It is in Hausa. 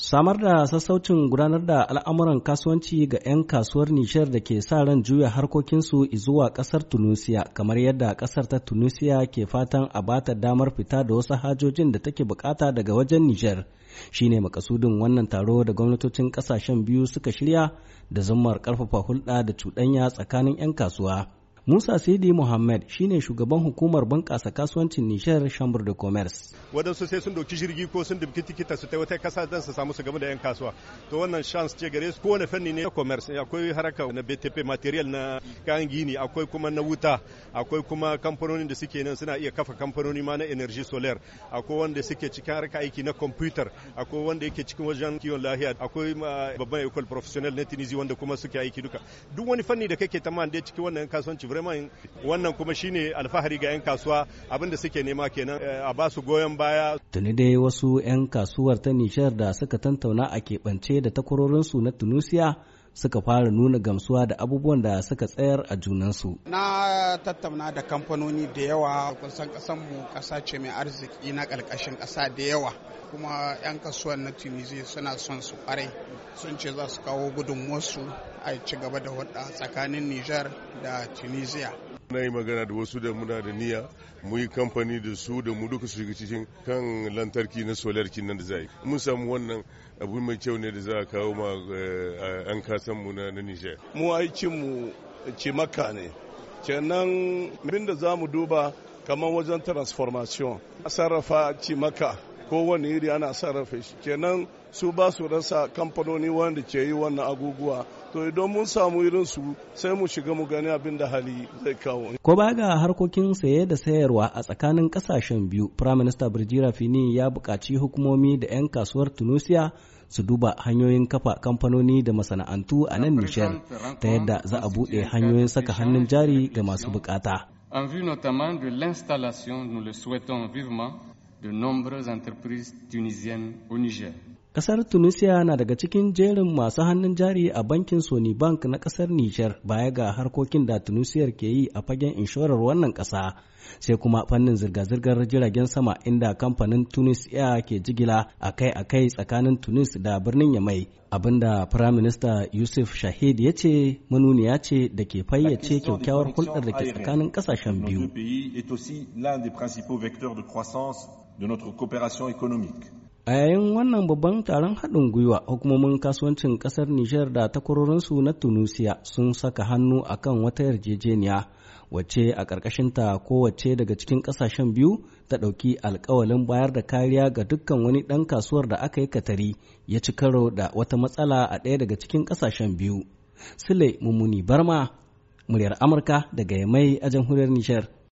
Samar da sassaucin gudanar da al'amuran kasuwanci ga 'yan kasuwar Nishar da ke sa ran juya harkokinsu zuwa ƙasar Tunisia kamar yadda ƙasar ta Tunisia ke fatan a bata damar fita da wasu hajojin da take bukata daga wajen Nijar. shine ne makasudin wannan taro da gwamnatocin ƙasashen biyu suka shirya da zummar ƙarfafa hulɗa da cuɗanya tsakanin 'yan kasuwa. Musa Sidi Muhammad shine shugaban hukumar bankasa kasuwancin Nishar Chamber de Commerce. Wadansu sai sun doki jirgi ko sun dubki tikita su taiwata kasa dan su samu su gaba da 'yan kasuwa. To wannan chance ce gare su kowane fanni ne commerce akwai haraka na BTP material na kayan gini akwai kuma na wuta akwai kuma kamfanonin da suke nan suna iya kafa kamfanoni ma na energy solar akwai wanda suke cikin harka aiki na computer akwai wanda yake cikin wajen kiwon lahiya akwai babban école professionnel na Tunisia wanda kuma suke aiki duka. Duk wani fanni da kake tamman dai cikin wannan kasuwanci vraiment wannan kuma shine alfahari ga 'yan kasuwa abinda suke nema kenan eh, a ba su goyon baya tuni dai wasu 'yan kasuwar ta nishar da suka tantauna a keɓance da takwarorinsu na tunisia suka fara nuna gamsuwa da abubuwan da suka tsayar a junansu. Na tattauna da kamfanoni da yawa kusan mu kasa ce mai arziki na ƙarƙashin ƙasa da yawa kuma 'yan kasuwan na Tunisia suna son su ƙwarai sun ce za su kawo gudunmuwarsu a ci gaba da hudu tsakanin Nijar da Tunisia. na yi magana da wasu da muna da niyya mu yi kamfani da su da mu duka su cikin kan lantarki na solar nan da za yi mun samu wannan abu mai kyau ne da za a kawo ma eh, an kasan mu na Nijar. mu aikin mu cimaka ne kenan abin da za mu duba kamar wajen transformation sarrafa cimaka kowane iri ana sarrafa shi kenan su ba su rasa kamfanoni wanda ke yi wannan aguguwa to idan mun samu irin su sai mu shiga mu gani abin da hali zai kawo ko ba ga harkokin saye da sayarwa a tsakanin kasashen biyu prime minister birjira fini ya bukaci hukumomi da 'yan kasuwar tunisia su duba hanyoyin kafa kamfanoni da masana'antu a nan nishar ta yadda za a buɗe hanyoyin saka hannun jari ga masu bukata. En vue notamment de l'installation, nous le souhaitons vivement, de nombreuses entreprises tunisiennes au Niger. Kasar Tunisia na daga cikin jerin masu hannun jari a bankin Sony Bank na kasar Nijar baya ga harkokin da Tunisiyar ke yi a fagen inshorar wannan kasa sai kuma fannin zirga-zirgar jiragen sama inda kamfanin Tunis Air ke jigila a kai a kai tsakanin Tunis da birnin Yamai abinda Prime Minister Yusuf Shahid ya ce manuniya ce da ke fayyace kyakkyawar hulɗar da ke tsakanin kasashen biyu. de notre coopération économique. A yayin wannan babban taron haɗin gwiwa hukumomin kasuwancin ƙasar Nijar da takwarorinsu na Tunusiya sun saka hannu a kan wata yarjejeniya wacce a ta kowace daga cikin ƙasashen biyu ta ɗauki alkawalin bayar da kariya ga dukkan wani ɗan kasuwar da aka yi katari ya ci karo da wata matsala a ɗaya daga cikin ƙasashen biyu. Sule Mummuni Barma, muryar Amurka daga Yamai a jamhuriyar Nijar.